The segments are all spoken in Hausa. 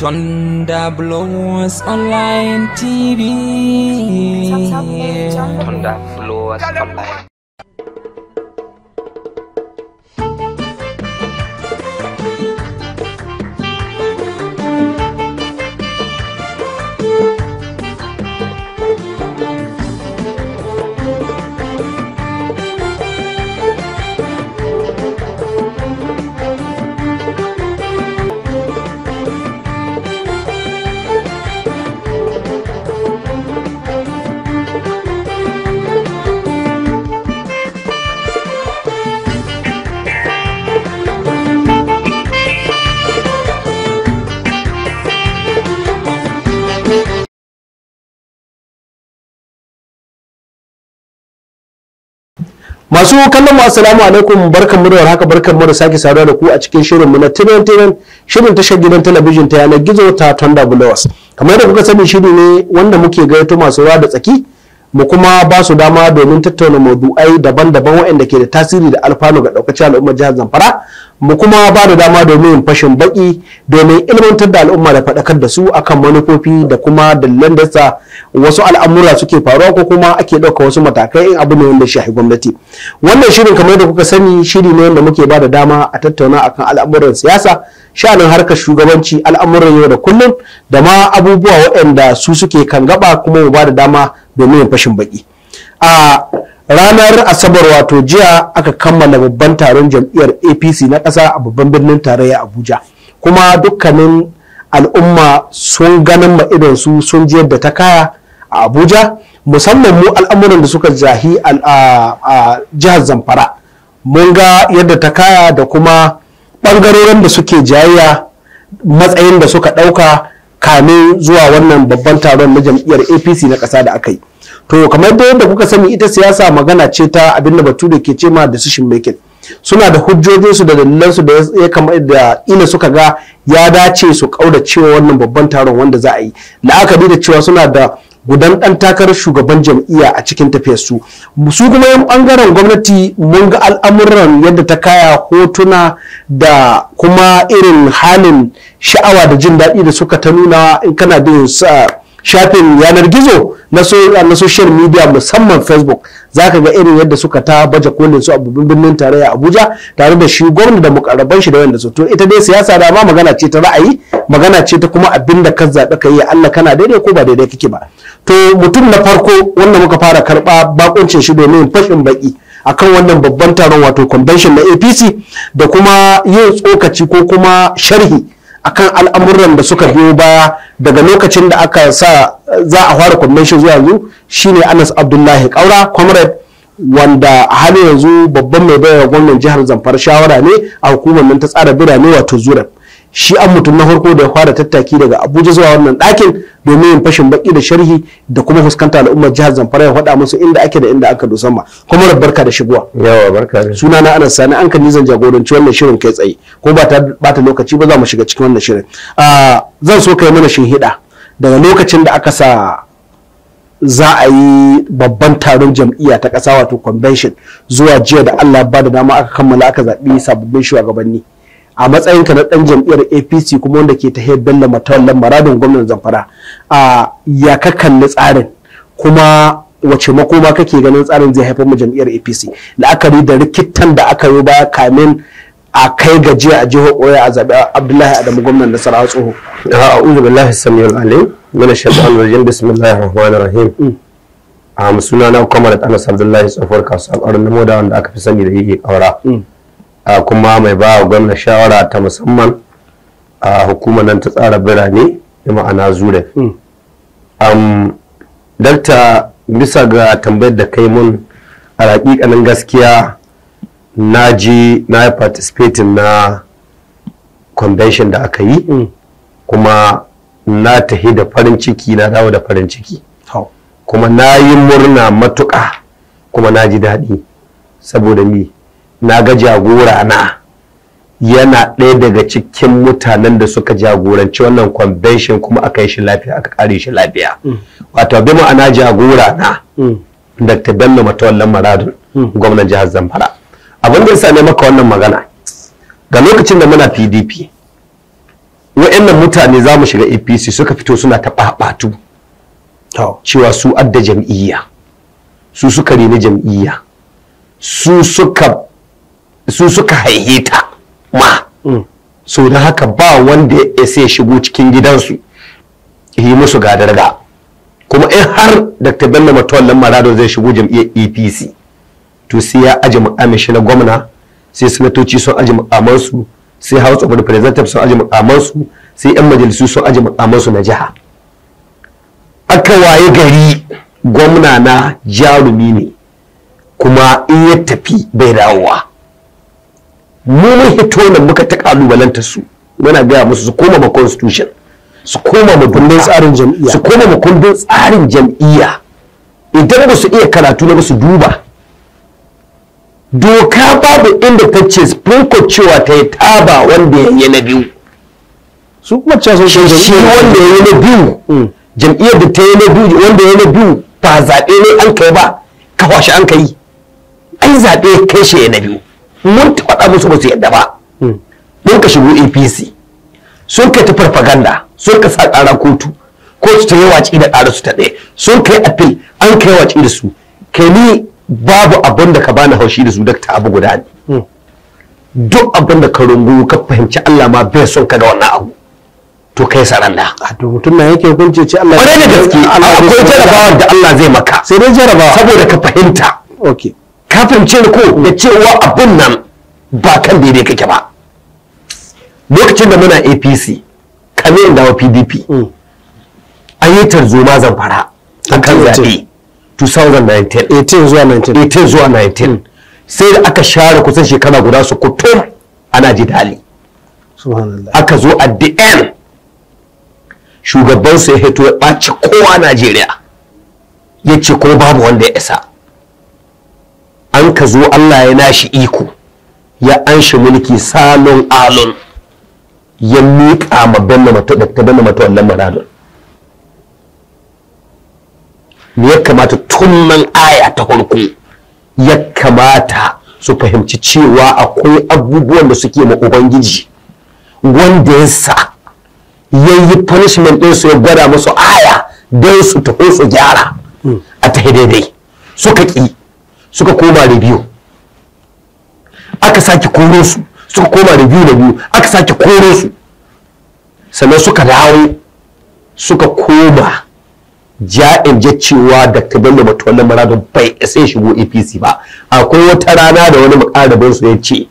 Thunder Blowers Online TV. Thunder Blowers Online. masu kallon mu assalamu alaikum barkamu da warhaka mu da sake saduwa da ku a cikin shirinmu na tinan tinan shirin tashar gidan talabijin ta yanar gizo ta tonda bulawas kamar da kuka sani shiri ne wanda muke gayyato masu ruwa da tsaki mu kuma ba su dama domin tattauna maudu'ai daban-daban waɗanda ke da tasiri da alfanu ga ɗaukacin al'ummar jihar Zamfara mu kuma ba da dama domin yin fashin baki domin ilmantar da al'umma da faɗakar da su akan manufofi da kuma dalilan da wasu al'amura suke faruwa ko kuma ake ɗauka wasu matakai in abu ne wanda shafi gwamnati wannan shirin kamar yadda kuka sani shiri ne wanda muke ba da dama a tattauna akan al'amuran siyasa sha'anin harkar shugabanci al'amuran yau da kullum da ma abubuwa waɗanda su suke kan gaba kuma mu ba da dama domin yin fashin baki ah, ranar asabar wato jiya aka kammala babban taron jam'iyyar apc na ƙasa a babban birnin tarayya abuja kuma dukkanin al'umma sun ganin ma'idan su sun ji yadda ta kaya a abuja musamman mu al'amuran da suka jahi a jihar zamfara mun ga yadda ta kaya da kuma ɓangarorin da suke jayayya matsayin da suka ɗauka kamin zuwa wannan babban taron na jam'iyyar apc na ƙasa da aka yi to kamar da yadda kuka sani ita siyasa magana ce ta abin da batu da ke ce ma decision making suna da hujjojinsu da dalilansu da ya kama da ina suka ga ya dace su kauda cewa wannan babban taron wanda za a yi la'akari da cewa suna da gudan ɗan takarar shugaban jam'iyya a cikin tafiyar su kuma yan bangaren gwamnati mun ga al'amuran yadda ta kaya hotuna da kuma irin halin sha'awa da jin daɗi da suka ta nuna in kana da shafin yanar gizo na social media musamman facebook za ka ga irin yadda suka ta baje kolin su a birnin tarayya abuja tare da shi gwamna da mukarraban shi da wanda su to ita dai siyasa da ma magana ce ta ra'ayi magana ce ta kuma abinda kan ka zaɓi ka yi allah kana daidai ko ba daidai kake ba to mutum na farko wanda muka fara karɓa bakuncin shi domin fashin baki akan wannan babban taron wato convention na apc da kuma yin tsokaci ko kuma sharhi akan al'amuran da suka biyo baya daga lokacin da aka sa za a fara convention zuwa yanzu shine Anas Abdullahi Kaura comrade wanda a halin yanzu babban mai bayar gwamnan jihar Zamfara shawara ne a hukumar ta tsara birane wato Zurab shi an mutum na farko da ya fara tattaki daga abuja zuwa wannan ɗakin domin yin fashin baki da sharhi da kuma fuskanta al'ummar jihar zamfara ya faɗa musu inda ake da inda aka dosan ma kuma barka da shigowa yawa barka da suna na anas sani an kan zan jagoranci wannan shirin kai tsaye ko ba ta bata lokaci ba za mu shiga cikin wannan shirin ah, zan so kai mana shinhiɗa daga lokacin da aka sa za a yi babban taron jam'iyya ta ƙasa wato convention zuwa jiya da allah ba da dama aka kammala aka zaɓi sababbin shugabanni a matsayinka na ɗan jam'iyyar apc kuma wanda ke ta bello matawallan maradin gwamnan zamfara a ya ka kalli tsarin kuma wace makoma kake ganin tsarin zai haifar mu jam'iyyar apc la'akari da rikitan da aka yi ba kamin a kai gajiya a jihar oya a zaɓi abdullahi adamu gwamnan nasarawa tsoho a'udhu billahi samiyul alim mana shaitanir rajim bismillahir rahmanir rahim mm. a musulana kuma da anas abdullahi tsohuwar kasuwar arnamo da wanda aka fi sani da yake aura. Mm. a kuma mai ba wa gwamna shawara ta musamman a hukumar nan ta tsara birane da ma'ana zure hmm. dakta bisa ga tambayar da kai mun a hakikanin gaskiya na ji na yi participating na convention da aka yi hmm. kuma na tahi da farin ciki na dawo da farin ciki kuma na yi murna matuƙa kuma na ji daɗi saboda ni. na ga jagora na yana ɗaya daga cikin mutanen da suka jagoranci wannan convention kuma aka yi shi lafiya aka kare shi lafiya mm. wato bi ma'ana jagora na mm. dr bello matawallan maradun mm. gwamnan jihar zamfara abin da ya same maka wannan magana ga lokacin da muna pdp wa'annan mutane za mu shiga apc suka fito suna ta ɓaɓatu cewa su adda jam'iyya su suka reni jam'iyya su suka su suka haihe ta ma mm. so da haka ba wanda ya sai shigo cikin gidansu yi musu gadarga kuma in har dr bello matawallan marado zai shigo jam'iyyar apc to sai ya aji mukamin shi na gwamna sai sanatoci sun aji muamansu sai house of representatives sun aji mukamansu sai yan majalisu sun aji mukamansu na jiha aka waye gari gwamna na jarumi ne kuma in ya tafi bai dawowa mu mun hito da muka ta kalubalanta su muna gaya musu su koma ma constitution su koma ma kundin tsarin jam'iyya su koma ma kundin tsarin jam'iyya idan ba su iya karatu na ba su duba doka babu inda ta ce supreme court cewa ta yi taba wanda ya yi na biyu su kuma cewa sun shi wanda ya yi na biyu mm. jam'iyyar da ta yi na biyu wanda ya yi na biyu ba zaɓe ne an kai ba kawashe an kai ai zaɓe kai shi ya na biyu mun taɓa musu ba su yadda ba hmm. mun ka shigo apc sun kai ta farfaganda sun ka sa ƙara kotu kotu ta yi waci da ƙara su ta ɗaya sun kai appeal an kai waci da su kai ni babu abin da ka bani haushi da su da ta abu guda ne hmm. duk abin da ka rungu ka fahimci Allah ma bai son ka ga wannan abu to kai saranda a to mutum na yake hukunci ce Allah ne gaske akwai jarabawar da Allah zai maka sai dai jarabawa saboda ka fahimta okay kafin ce ko da cewa abin nan ba kan daidai kake ba lokacin da muna apc kamar da wa pdp mm. an yi tarzoma fara a kan zaɓe 2019 18 zuwa 19 18 zuwa 19 mm. sai da aka share kusan shekara guda su kutum ana ji dali aka zo a the end shugaban sai ya hito ya ɓaci kowa najeriya ya ce ko babu wanda ya isa an ka zo Allah ya nashi iko ya an shi mulki salon alon ya miƙa ma bello mato da ta bello mato wannan malalun me ya kamata tun nan aya ta farko ya kamata su fahimci cewa akwai abubuwan da suke ma ubangiji wanda ya sa ya yi punishment su ya gwada musu aya don su taho su gyara a ta daidai suka ƙi suka koma biyu. aka sake koro su suka koma rediyo da biyu aka sake koro su sannan suka dawo suka koma ja'in cewa da ta bello mata wannan maradon bai sai shigo apc ba akwai wata rana da wani mukarabin su ya ce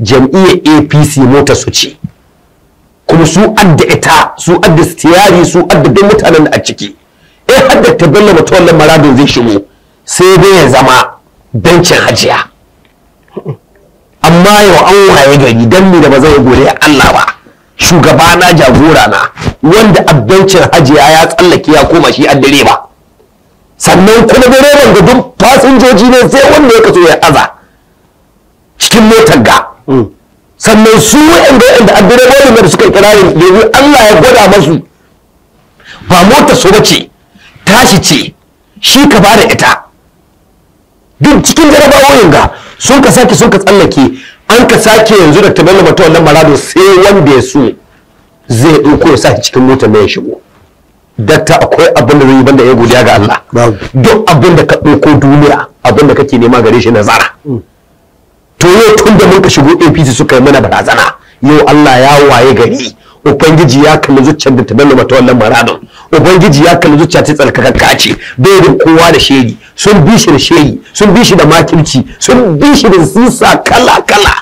jam'iyyar apc mota su ce kuma su adda ita su adda tiyari su adda duk mutanen a ciki eh hadda ta bello mata wannan maradon zai shigo sai dai ya zama bencin hajiya amma yau an waye gari dan ni da ba zai gode Allah ba shugaba na jagora na wanda abbancin hajiya ya tsallake ya koma shi addare ba sannan kuma direban da duk fasinjoji ne sai wanda ya kaso ya aza cikin motar ga mm. sannan su wa'anda wa'anda addirebobi da suka kirarin yanzu Allah ya gwada masu ba motar su bace tashi ce shi ka bada ita duk cikin jarabawoyin ga sun ka sake sun ka tsallake an ka sake yanzu da tabbalin mata wannan marado sai wanda ya so zai ɗauko ya sake cikin mota mai shigo datta akwai abin da zai banda ya godiya ga Allah duk abin da ka ɗauko duniya abin da kake nema gare shi nazara hmm. to yau tun da mun ka shigo APC suka yi mana barazana yau Allah ya waye gari ubangiji ya kalli zuciyar da ta dallama mata wannan maradon ubangiji ya kalli zuciya ta tsarkakakka kace bai da kowa da shehi sun bi shi da shehi sun bi shi da makirci sun bi shi da sisa kala kala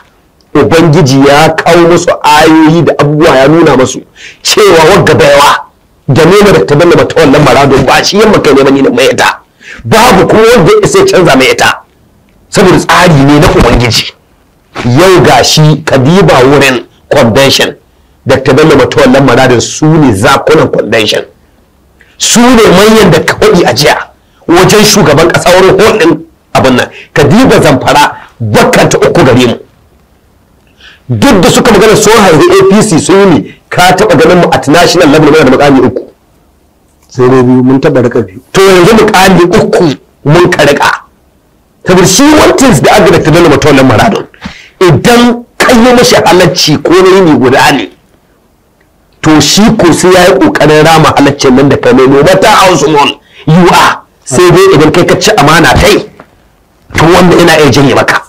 ubangiji ya kawo musu ayoyi da abubuwa ya nuna musu cewa wagga baiwa da nema da ta dallama mata wannan maradon ba shi yamma kai neman ni mai ita babu kuma wanda ya isa canza mai ita saboda tsari ne na ubangiji yau gashi kadiba wurin convention dr bello matawallan maradin su ne zakunan convention su ne manyan da kawaɗi a jiya wajen shugaban ƙasa wurin hulɗin abin nan ka diba zamfara bakanta uku gare mu duk da suka magana sun haihu apc sun yi ne ka taɓa ganin mu at national level mana da mukami uku sai dai biyu mun taɓa rika biyu to yanzu mukami uku mun ka rika saboda shi wantins da aka da Bello dala matawallan maradon idan kan mashi halacci ko ne guda ne to shi ko sai ya yi ƙoƙarin rama halaccin nan da ka ta mata how small you are sai dai idan kai ka ci amana kai to wanda yana iya janye maka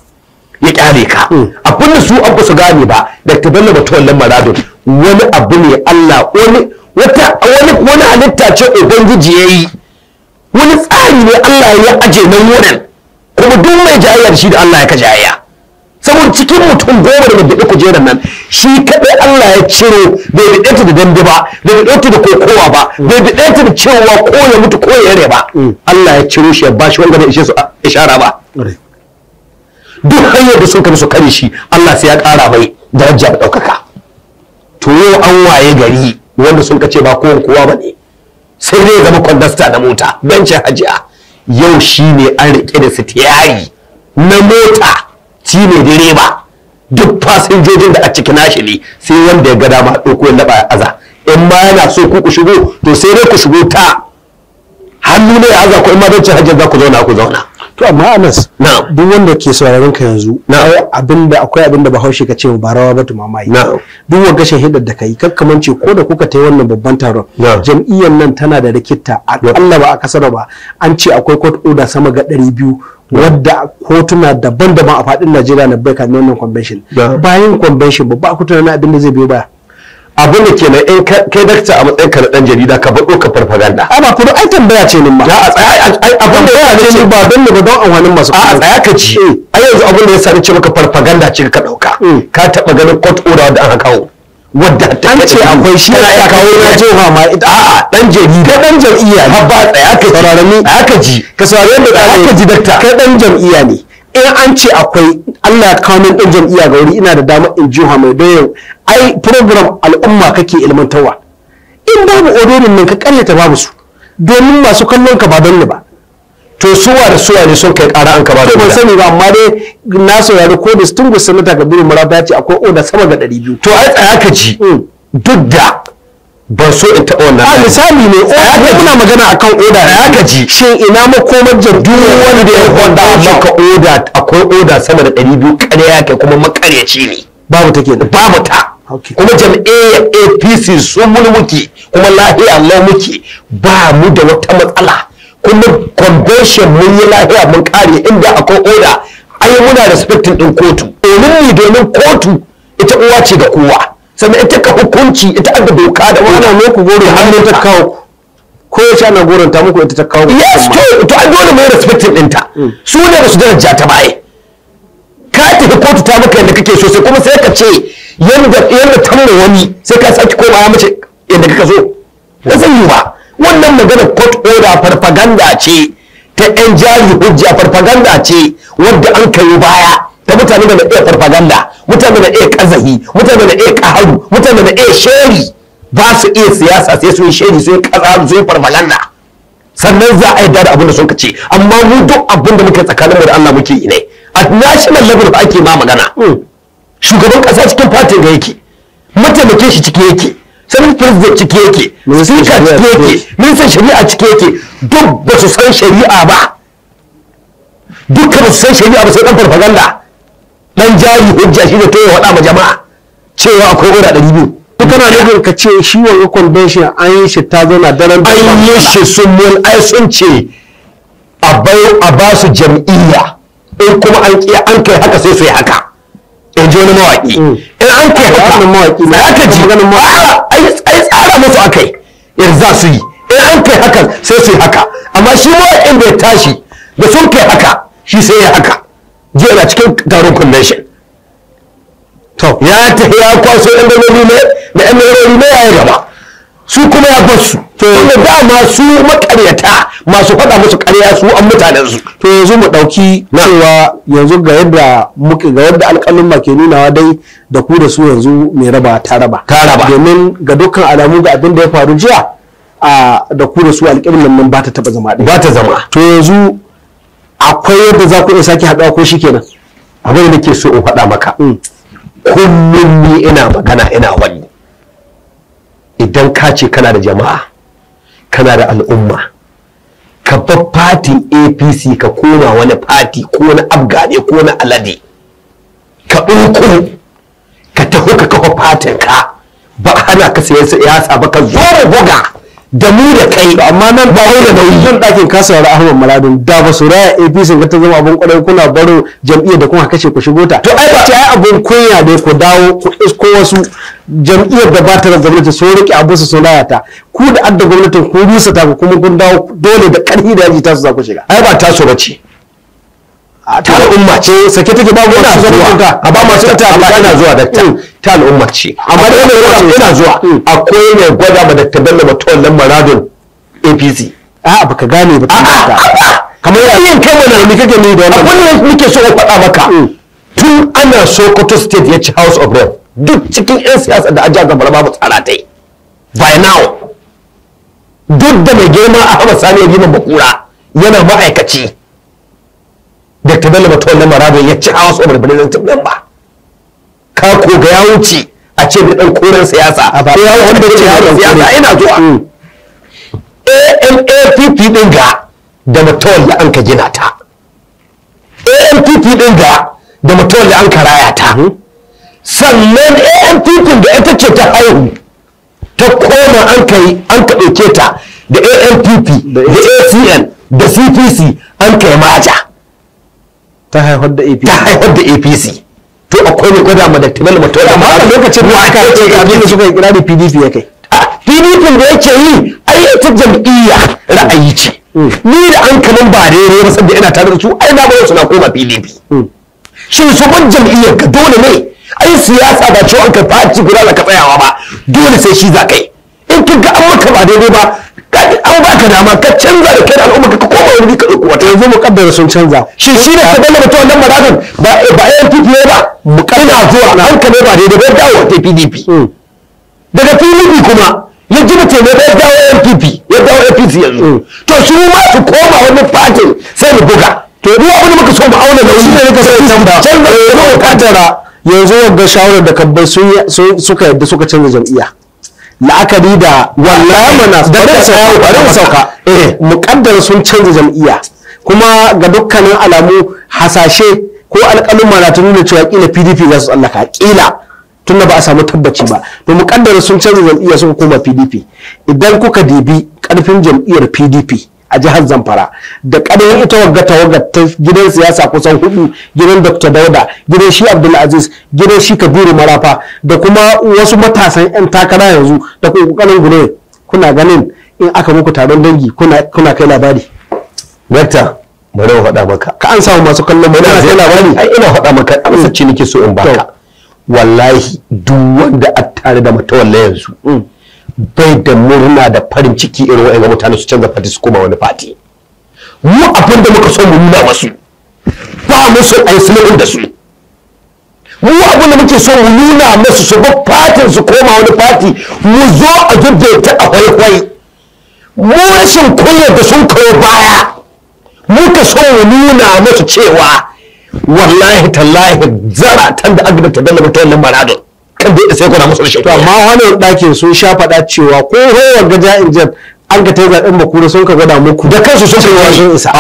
ya kyale ka hmm. abin da su abu su gane ba da ta balla batu wannan maradun wani abu ne Allah wani wata wani wani halitta ce ubangiji yayi wani tsari ne Allah ya aje nan wurin kuma duk mai jayayya da shi da Allah ya ka jayayya saboda cikin mutum goma da bai kujerar nan shi kaɗai Allah ya ciro bai daɗe da dambe ba bai daɗe da kokowa ba bai daɗe da cewa ko ya mutu ko ya yare ba mm. Allah ya ciro shi ya ba shi wanda bai ishe su ishara ba duk hanyar da sun su kare shi Allah sai ya ƙara mai daraja da ɗaukaka to yau an waye gari wanda sun kace ba kowa kowa ba ne sai dai zama kwandasta na mota bencin hajiya yau shi ne an riƙe da sitiyari na mota shi ne direba duk fasinjojin da a cikin nashi ne sai wanda ya ga dama ɗauko ya laɓa aza in ma yana so ku ku shigo to sai dai ku shigo ta hannu ne aza ko in ma don hajjar za ku zauna ku zauna to amma anas duk wanda ke sauraron ka yanzu abinda akwai abinda bahaushe ka ce ba rawa ba na duk wanda hidda da kai kakkamance ko da kuka tai wannan babban taron jam'iyyar nan tana da rikitta Allah ba a kasar ba an ce akwai court order sama ga 200 wadda kotuna daban-daban a faɗin najeriya na bai kan wannan convention bayan convention ba ba kotuna na abin da zai biyo baya abin da kenan in kai dakta a matsayin ka na dan jarida ka bado ka farfaganda a ba kuma ai tambaya ce nin ma a tsaya abin da ya ce ba don ne ba don amfanin masu a tsaya ka ci eh. a yanzu abin da ya sani ce maka farfaganda ce ka dauka eh. ka taba ganin court order da aka kawo wadda an ce akwai shi na ya kawo ce ba ma ita a'a dan jami'a dan jam'iyya ne ba tsaya ka saurari aka ji ka saurari da aka ji dakta kai dan jam'iyya ne in an ce akwai Allah ya kawo dan jam'iyya ga wuri ina da damar in ha mai dayo ai program al'umma kake ilmantarwa in babu odorin nan ka karyata babu su domin masu kallon ka ba don ba to suwa da suwa ne sun kai kara an kaba da ban sani ba amma dai na saurari ko gusa senator kabiru murabba ya ce akwai oda sama ga 200 to ai tsaya ka ji hmm. duk da ban so in taɓa wannan a misali ne oda kuna magana akan oda ya ka ji shin ina makomar jaddu wani da ya wanda ka oda akwai oda sama da 200 ya kai kuma makaryaci ne babu ta da babu ta kuma jam'iyyar apc sun mulmuki kuma lahiya Allah muke ba mu da wata matsala convention mun yi lafiya mun kare inda akwai oda ai muna respecting din kotu domin ni domin kotu ita uwa ce ga kowa sannan ita ka hukunci ita aka doka da wannan ne ku goro hannun ta kawo ko ya ana goranta muku ita ta kawo yes to to ai dole mai respecting ɗinta mm. su ne su daraja ta baye ka tafi kotu ta maka yadda kake so sai kuma sai ka ce yadda yanda tamma wani sai ka saki komawa mace yadda kaka so ba zan yi ba wannan magana court order farfaganda ce ta yan jari hujja farfaganda ce wadda an kayi baya ta mutane da na iya farfaganda mutane da iya kazahi mutane da iya kaharu mutane da iya sheri ba su iya siyasa sai su yi sheri su yi kazaru su yi farfaganda sannan za a yarda da abin da suka ce amma mu duk abin da muke tsakanin da Allah muke yi ne A national level ba ake ma magana hmm. shugaban kasa cikin fatin ga yake mataimake shi cikin yake tsohon president cike yake sika cike yake ministan shari'a cike yake duk ba su san shari'a ba dukkan ba su san shari'a ba sai dan farfaganda dan jari hujja shi da ta yi waɗa ma jama'a cewa akwai oda ɗari biyu kana nufin ka ce shi wa convention an yi shi ta zauna daren da an yi shi sun mun ai sun ce a ba su jam'iyya in kuma an kiya an kai haka sai su yi haka in ji wani mawaƙi mm. in an kai haka mawaƙi na aka ji maganin mawaƙi musu akai yanzu za su yi in eh, an kai hakan sai su yi haka amma shi in bai tashi da sun kai haka shi sai ya haka jiya yana cikin taron convention to ya ta ya kwaso yan daloli ne da yan ne ya yi gaba su kuma ya bar su tunda da masu makaryata masu faɗa musu ƙarya su an mutanen su to yanzu mu ɗauki cewa yanzu ga yadda muke ga yadda alƙalin ke nunawa dai da ku da su yanzu mai raba ta raba ta raba domin ga dukkan alamu ga abin da ya faru jiya a da ku da su alƙiblan nan ba ta taɓa zama ba ta zama to yanzu akwai yadda za ku iya sake haɗuwa ko shi shikenan abin da ke so in faɗa maka mm. kullum ni ina magana ina wani idan ka ce kana da jama'a kana da al'umma ka bar fatin apc ka koma wani fati ko na Afgane ko na alade ka ɗauko ka taho ka kafa fatin ka ba hana ka sayan siyasa ba ka zo buga da mu da kai amma nan ba da nauyi zan dakin kasuwar Ahmad maradin da ba su raya APC ga ta zama abun kwarai kuna baro jam'iyyar da kuma kace ku shigo ta to ai ba ta abun kunya ne ku dawo ku isko wasu jam'iyyar da ba ta ta so rike abu su sulaya ta ku da adda gwamnatin ku rusa ta kuma kun dawo dole da karfi da yaji ta su za ku shiga ai ba ta so bace ta al'umma ce sake take babu wasu zuwa a ba masu ta ina zuwa dakta ta al'umma ce amma da ina zuwa yana zuwa akwai mai gwada ma dakta bello matawallan maradon apc a'a baka gane ba kamar yin kai mana ne kake ne da wannan abin ne nake so ka faɗa maka mm. tun ana sokoto state ya ci house of rep duk cikin yan siyasa da ajiyar gaba babu tsara dai. by now duk da mai girma a ahmad sani ya gina bakura yana ma'aikaci Dr. Bello Matawalle Marado ya ci House of Representatives ɗin ba. Ka ko ga ya wuce a ce da koren siyasa. A ba ya wanda ce siyasa ina zuwa. Mm. AMAPP ɗin ga da Matawalle an ka gina ta. AMPP ɗin ga da Matawalle an ka raya ta. Mm. Sannan AMPP da ita ce ta haihu. Ta koma an ka an ka ɗauke ta da AMPP da ACN da CPC an yi maja. ta haifar da apc ta haifar da apc to akwai ne gwada ma da timal mutum da ma lokacin da aka ce abin da suka yi kirari pdp ya kai pdp da yake yi ai ita jam'iyya ra'ayi ce mm. ni da an kaman ba daidai ba saboda ina tare da su ai na ba su na koma pdp mm. shin su ban jam'iyyar ka dole ne ai siyasa ba ciwon ka faci guda da ka tsayawa ba dole sai shi za kai in ka ga an maka ba daidai ba an baka dama ka canza da kai al'umma ka koma wani ka ɗauko wata yanzu muƙaddara sun canza shi shi ne ka gama da wannan maradin ba ba ANPP ne ba muƙaddara zuwa hankali ba dai daidai ba ya dawo ta PDP daga PDP kuma ya ji mutum ne ba ya dawo NPP ya dawo APC yanzu to su ma su koma wani fatin sai mu buga to duk abin da muka so mu auna da wani ne muka sai canza canza muƙaddara yanzu wanda shawarar da kabbai suka yadda suka canza jam'iyya la'akari da wallahi da da sauka bari sauka eh, eh. sun canza jam'iyya kuma ga dukkanin alamu hasashe ko alƙalin na ta nuna cewa ƙila PDP za su tsallaka kila tunda ba a samu tabbaci ba to muƙaddar sun canza jam'iyya suka koma PDP idan kuka dibi ƙarfin jam'iyyar PDP a jihar zamfara da kadan ita wagga wagga ta gidan siyasa kusan hudu gidan dr dauda gidan shi abdulaziz gidan shi kabiru marafa da kuma wasu matasan 'yan takara yanzu da kokarin gune kuna ganin in aka muku taron dangi kuna kai labari Dr. bari mu faɗa maka ka an samu masu kallon bari kai labari ai ina faɗa maka a ce nake so in baka wallahi duk wanda a tare da mutawalla yanzu mm. bai da murna da farin ciki irin wa'in mutane su canza fati su koma wani fati mu abin da muka so mu nuna wasu ba mu so a yi da su mu abin da muke so mu nuna masu su ba fatin su koma wani fati mu zo a ta a kwaikwai mu rashin kunya da sun kawo baya Mu ka so mu nuna masu cewa wallahi tallahi tan da agibata dalla mutuwan na maradon kan da sai kuna musu shi to amma wannan dakin sun sha faɗa cewa ko ga ja'in injin an ka taiga din bakura sun ka gwada muku da kansu sun kai wasu isa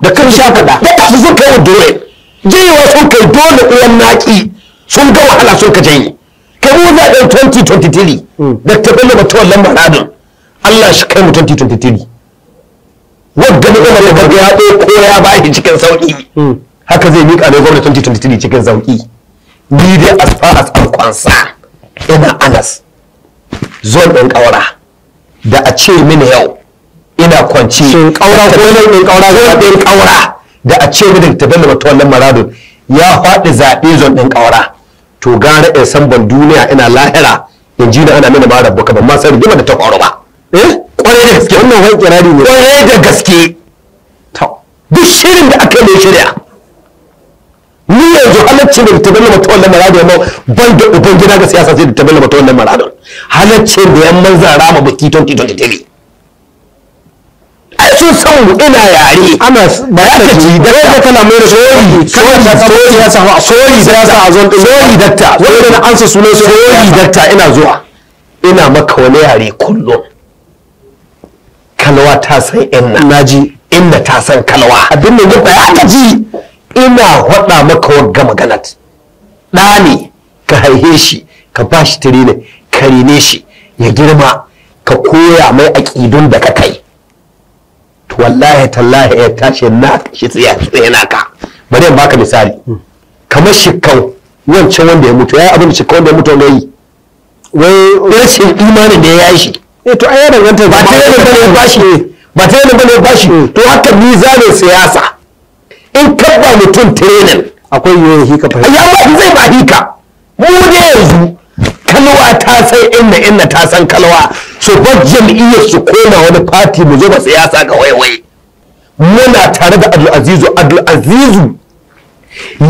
da kan sha faɗa da kansu sun kai dole jiyewa sun kai dole uwan naki sun ga wahala sun ka janye kai mu za ɗin 2023 da ta bala ba lamba lambar Allah shi kai mu 2023 wadda ni'imar da ya ɗaya ko ya ba shi cikin sauƙi hmm. haka zai miƙa ne gwamnati 2023 cikin sauƙi ni dai as far as I'm concerned ina anas zon ɗin ƙaura da a ce mini yau ina kwanci shin ƙaura ko ɗin ƙaura zon ɗin ƙaura da a ce mini ta bella mata wannan ya faɗi zaɓe zon ɗin ƙaura to gara in san ban duniya ina lahira in ji na ana mini ma rabu ka ban ma san rigima da ta ƙwaro ba eh ƙwarai da gaske wannan wani kirari ne ƙwarai da gaske to duk shirin da aka yi shirya ni yanzu halaccin da ta ballama ta wannan maradon ba bai da uban gida ga siyasa sai da ta ballama ta wannan maradon halaccin da yan manzara ma da 2023 ai sun san mu ina yare ana ba ya ta da kai kana mai sori da sori ya samu sori da ya sa zon din sori datta da an sa sunan sori datta ina zuwa ina maka wani yare kullum kalwa ta san inna naji inna ta san kalwa abin da ya ta ji ina faɗa maka wagga maganat ɗa ne ka haihe shi ka ba shi tirinin ka rene shi ya girma ka koya mai aƙidun da ka kai to wallahi tallahi ya tashi na shi tsaye ka bari in baka misali kamar shikau wancan wanda ya mutu ya yi abin da shikau wanda ya mutu wanda yi wai rashin imanin da ya yi shi eh to ai ya danganta ba tare da bane ba shi ba tare yi da bane ba shi to haka mizanin siyasa in kaba mutum trainer akwai yiwuwar hika fahimta ya ba zai ba hika mu ne yanzu kalwa ta san inna inna ta san kalwa su ba jam'iyyar su koma wani fati mu zo ba siyasa ga waiwai muna tare da Abdul Azizu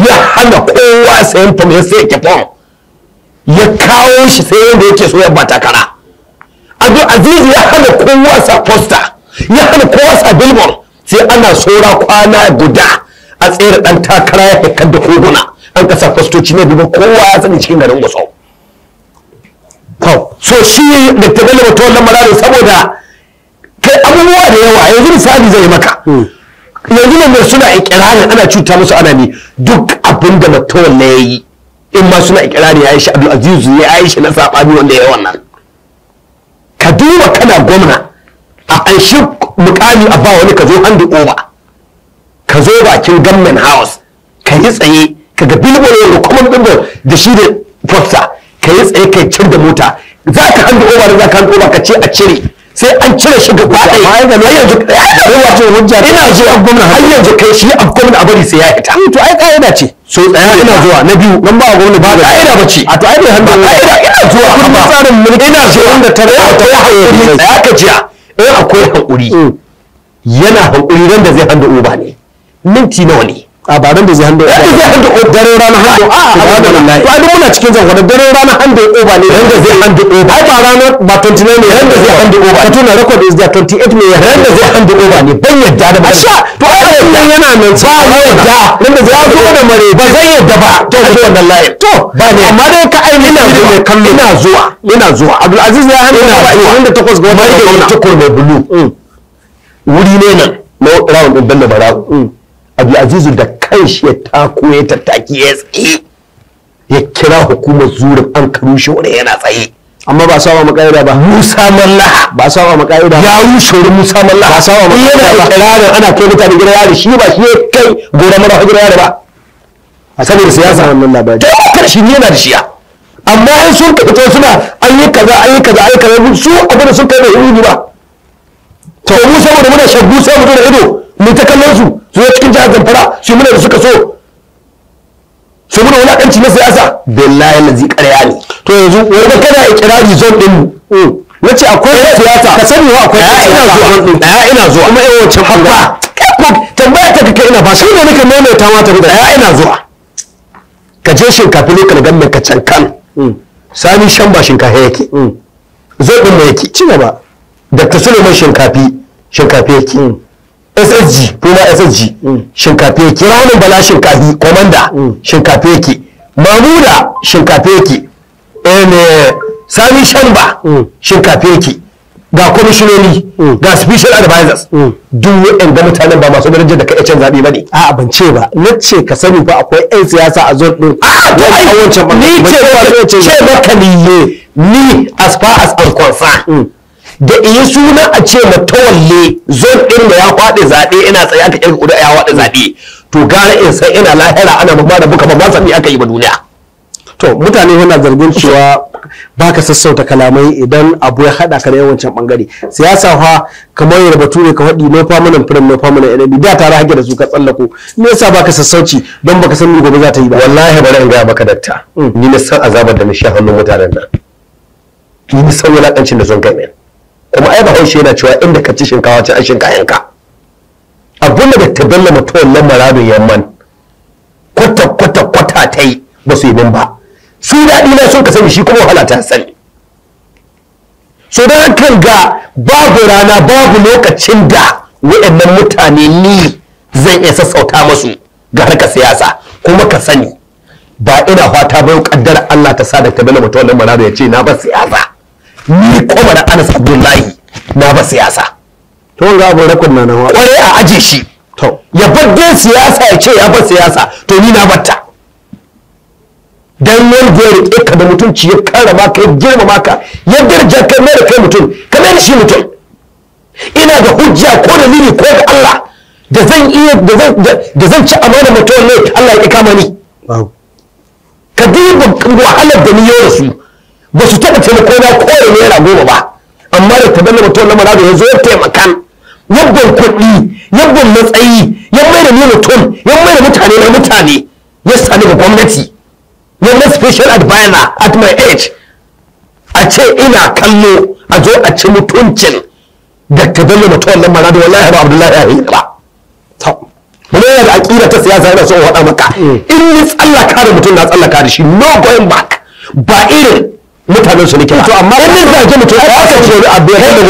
ya hana kowa sayan fam ya sai ya kawo shi sai yadda yake so ya ba takara Azizu ya hana kowa sa poster ya hana kowa sa billboard sai ana sora kwana guda a tsere dan takara ya haikar da koguna an kasa fastoci ne domin kowa ya sani cikin garin gusau so shi da ta gane wata wannan marayu saboda kai abubuwa da yawa yanzu misali zai maka hmm. yanzu ne mai suna ikirarin ana cuta musu ana ne duk abin da mutum ya yi in ma suna ikirarin ya yi shi ya yi shi na ni wanda ya yi wannan ka duba kana gwamna a anshi mukami a ba wani ka zo handi oba ka zo bakin gamman house ka yi tsaye ka ga billboard da common billboard da shi da poster ka yi tsaye ka yi cin da mota za ka hannu da za ka hannu over ka ce a cire sai an cire shi gaba ɗaya har yanzu wato hujja ina je zuwa gwamna har yanzu kai shi a gwamna a bari sai ya fita eh, to ai kaida ce so tsaya ina zuwa na biyu nan ba gwamna ba kaida ba ce a to ai bai hannu kaida ina zuwa amma tsarin mulki ina zuwa da tare da ta hakuri tsaya ka jiya in eh, akwai hakuri mm. yana hakuri nan da zai hannu uba ne minti nawa ne a ba da zai hando ya eh, zai hando o dare rana hando a ah, a ah, da alhamdulillah ah, to ai muna cikin zan wani dare rana hando o ba ne ran zai hando o ba ba rana ba 29 ne ran zai hando over ka tuna record is there 28 ne ran zai hando o ba ne ban yadda da ba sha to ai wannan yana nan ba yadda ran da zai zo da mare ba zai yadda ba to zo wannan layi to ba ne amma dai ka ai ina zuwa kallo ina zuwa ina zuwa abdul aziz ya hando 28 ga wannan tukur mai bulu wuri ne nan na round din bello barau mm. azizu da kanshi ya tako ya tattaki ya tsaye ya kira hukumar zurin an shi wani yana tsaye amma ba sawa makaida ba Musa Mallaha ba sawa makaida ya rushe wurin Musa Mallaha ba sawa makaida ba yana ana kai mutane gidan yari shi ba shi kai gora mara hajjar yari ba a saboda siyasa wannan labari da shi ne yana da shiya amma in sun ka fito suna an yi kaza an yi kaza an kaza su abin da sun kai da yi ba to mu saboda muna shabbu sai mu da ido mu ta kallon su su cikin jihar zamfara su muna da suka so su muna wulaƙanci na siyasa billahi lazi ƙarya ne to yanzu wanda kana ikirari zon din mu mm. na ce akwai siyasa ka sani wa akwai A ya ina zuwa kuma yawan wancan bangare tambaya ta kai ina ba shi ne nake maimaita ma ta ya ina zuwa ka je shinkafi ne ka ga mai kacan kan mm. sani shan ba shinkafi yake mm. zobin mai yake ci gaba da ta suleman shinkafi shinkafi yake ssg kuma ssg mm. shinkafe yake ramin bala shinkafi komanda mm. shinkafe yake mamuda shinkafe yake eh, sami shanba mm. shinkafe yake ga kwamishinoni ga special advisors duk ga mutanen ba masu darajar da kai can zaɓe ba ne a ban ce ba na ce ka sani ba akwai 'yan siyasa a zon ɗin A'a to ai ni ce ba ce ba ka eh. ni as far as I'm concerned da iya suna a ce matawalle zon ɗin da ya faɗi zaɓe ina tsaye aka ƙirga a ya faɗi zaɓe to gara in san ina lahira ana ba da buka ba ba san aka yi ba duniya to mutane yana zargin cewa baka sassauta kalamai idan abu ya haɗa ka da yawancin bangare siyasa fa kamar yadda ne ka faɗi no permanent firin no permanent enemy da tare hake da su ka tsallako me yasa baka sassauci don baka san gobe za ta yi ba wallahi bari in ga maka dakta mm. ni na san azabar da na sha hannun mutanen nan ni san wulakancin da sun kai kuma ai haushi yana cewa inda ka ci shinkawa ci ashin kayanka abun da ta bella mutuwan nan maradun yamman kwata kwata kwata ta yi ba su yi min ba su daɗi na sun ka sani shi kuma wahala ta sani so don hakan ga babu rana babu lokacin da waɗannan mutane ni zan iya sassauta masu ga harka siyasa kuma ka sani ba ina fata bai kaddara Allah ta sa da ta bella mutuwan ya ce na ba siyasa ni kuma da Anas Abdullahi na ba siyasa to wanda abu rakon na nawa kware a aje shi to ya bar dai siyasa ya ce ya ba siyasa to ni na batta dan wani goyi ɗinka da mutunci ya kara maka ya girmama ka ya darja kai mai da kai mutum ka mai da shi mutum ina da hujja ko da lili ko da Allah da zan iya da zan ci amana mutum ne Allah ya kama ni ka duba wahalar da ni yau da su ba su taɓa taimako ko kowane naira goma ba amma da ta danna mutum lamar da ya zo ya taimakan yabban kuɗi yabban matsayi ya mai da ni mutum ya mai da mutane na mutane ya sani ga gwamnati ya na special adviser at my age a ce ina kallo a zo a ci mutuncin da ta danna mutum lamar da wallahi ba abdullahi ya yi ba mun yana da aƙida ta siyasa yana so in faɗa maka eh. in ni tsallaka da mutum na tsallaka da shi no going back ba irin mutanen su nake to amma in ne ya ce da ina zuwa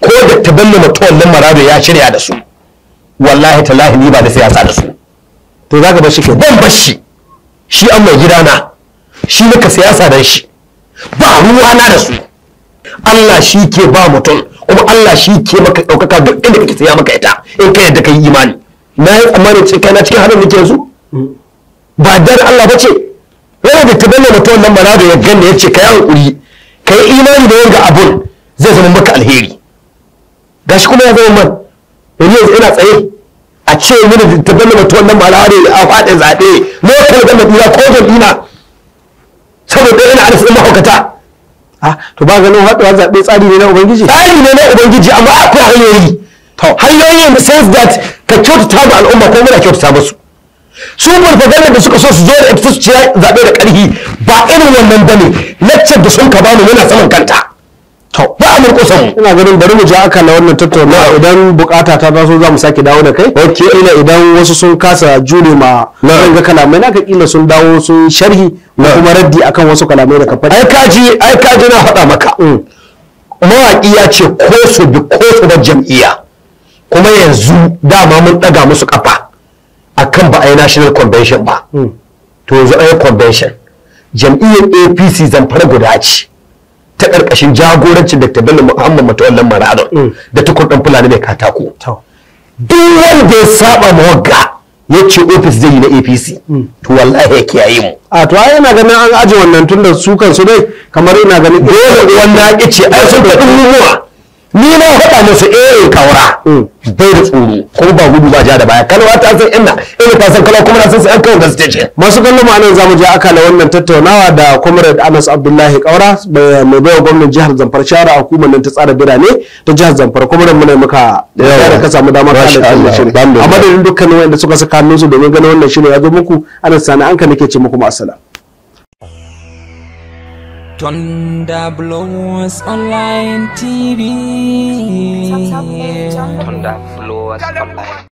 ko da taballa ya shirya da su wallahi talahi ni ba da siyasa da su to zaka bar shi ke ban bar shi shi an mai gidana shi muka siyasa dan shi ba ruwa na da su Allah shi ke ba mutum kuma Allah shi ke maka ɗaukaka duk inda kake saya maka ita in ka yadda ka yi imani na yi tsammanin cikin na cikin da ke yanzu mm. ba dare Allah ba ce yana da ta balle mutum wannan mana da ya ganna ya ce ka yi hankuri ka yi imani da wanga abun zai zama maka alheri gashi kuma ya zama man yanzu yanzu ina tsaye a ce mini ta balle mutum wannan mana da ya faɗi zaɓe lokacin da na ɗira ko da ɗina saboda ina arzikin mahaukata ah, to ba ganin haɗuwa zaɓe tsari ne na ubangiji tsari ne na ubangiji amma akwai hanyoyi hanyoyin in the sense that ka kyautata ga al'umma ko muna kyautata musu su farfaganda da suka so su zo da ita su ciya zaɓe da ƙarfi ba irin wannan ba ne laccar da sun ka bani yana saman kanta ba a mu. ina ganin bari mu ja aka na wannan tattaunawa idan bukata ta taso za mu sake dawo da kai ok ina idan wasu sun kasa jure ma zan ga kalamai naka kila sun dawo sun sharhi ko kuma raddi akan wasu kalamai da ka faɗi ai kaji ai na faɗa maka mm. mawaƙi ya ce ko su bi ko su bar jam'iyya kuma yanzu dama mun ɗaga musu kafa akan ba a yi national convention ba hmm. to yanzu a yi convention jam'iyyar apc zamfara guda ce ta ƙarƙashin jagorancin dr bello muhammad matawallan marado hmm. da kurɗin fulani mai katako duk wanda ya saba ma wagga ya ce ofis zai yi na apc hmm. to wallahi ya kiyaye mu a to ai yana ganin an aje wannan tun da su kansu dai kamar ina ganin dole wanda ya ce ai sun da ɗin ni na faɗa masa eh kawura mm. bai da tsoro ko ba gudu ba ja da baya kalwa ta san ina eh ta san kalwa kuma na san sai an kawo gaske ce masu kallon mu anan zamu je akala wannan tattaunawa da comrade Anas Abdullahi Kaura mai bayar gwamnatin jihar Zamfara shara hukumar nan ta tsara birane ta jihar Zamfara kuma mun ne maka da ka samu damar kallon shirin amma da dukkanin wanda suka saka hannun su domin ganin wannan shirin ya zo muku Anas sana an ka nake ce muku ma assalam Thunder Blowers Online TV. Thunder Blowers Online.